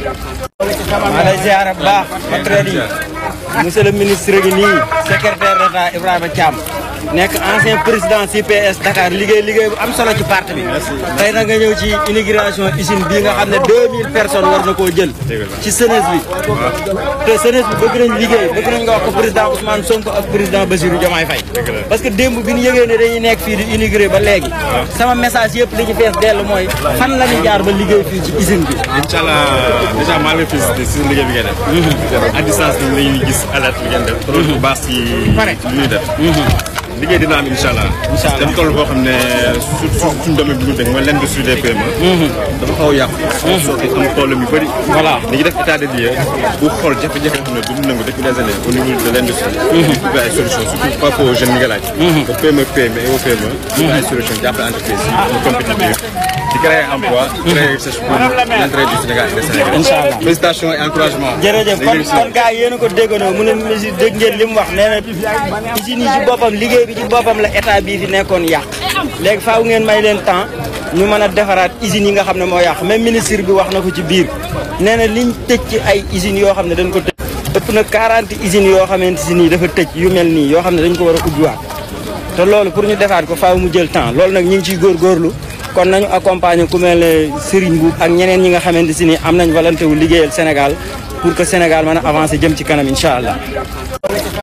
maa lay ziara bu baax patriote yi monsieur le ministre gi nii secrétaire d'État Ibrahima Thiam nekk ancien président CPS Dakar liggéey liggéey bu am solo ci parti bi. tey nag nga ñëw ci inauguration usine bii nga xam ne 2000 personnes war na koo jël. ci jeunesse bi. te jeunesse bi bëgg nañ liggéey bëgg nañ nga wax président Ousmane Sonko ak président Bassirou Diomaye Faye. parce que démb bi ñu yëgee ne dañuy nekk fii di inauguré ba léegi. sama message yëpp li ci fees dellu mooy fan la ñuy jaar ba liggéey fii ci usine bi. incha allah dèjà maa ngi lay si liggéey bi ngeen mhm. ñu gis alerte bi ngeen def. Mhm. baax ci li ñuy liggéey dina am incha allah. toll boo xam ne surtout suñu bi ñu teg mooy l'industrie des PME. dafa xaw a yàqu. Mm-hmm. soo am problème yu bëri. voilà li ñu def état des lieux bu xool jafe-jafe xam ne dund nangu depuis des années au mm-hmm. surtout par rapport aux jeunes yi nga laaj. Mm-hmm. au PME PME et au PME. di ay solutions jàppale entreprise compétitive di créer emploi. créer richesse pour l'intérêt du Sénégal et des Sénégalais. incha mu ne dégg ngeen li mu wax nee na usine yi ci boppam liggéey liggéey bi ci boppam la état bii fi nekkoon yàq léegi faaw ngeen may leen temps ñu mën a defaraat usines yi nga xam ne moo yàq même ministre bi wax na ko ci biir nee na liñ tëj ci ay usines yoo xam ne dañ ko tëj ëpp na 40 usines yoo xamante si nii dafa tëj yu mel nii yoo xam ne dañ ko war a ubbiwaat te loolu pour ñu defaat ko faaw mu jël temps loolu nag ñu ngi ciy góorgóorlu kon nañu accompagner ku mel ne Serigne Mbuub ak ñeneen ñi nga xamante si nii am nañ volonté wu liggéeyal Sénégal pour que Sénégal mën a avancer jëm ci kanam incha allah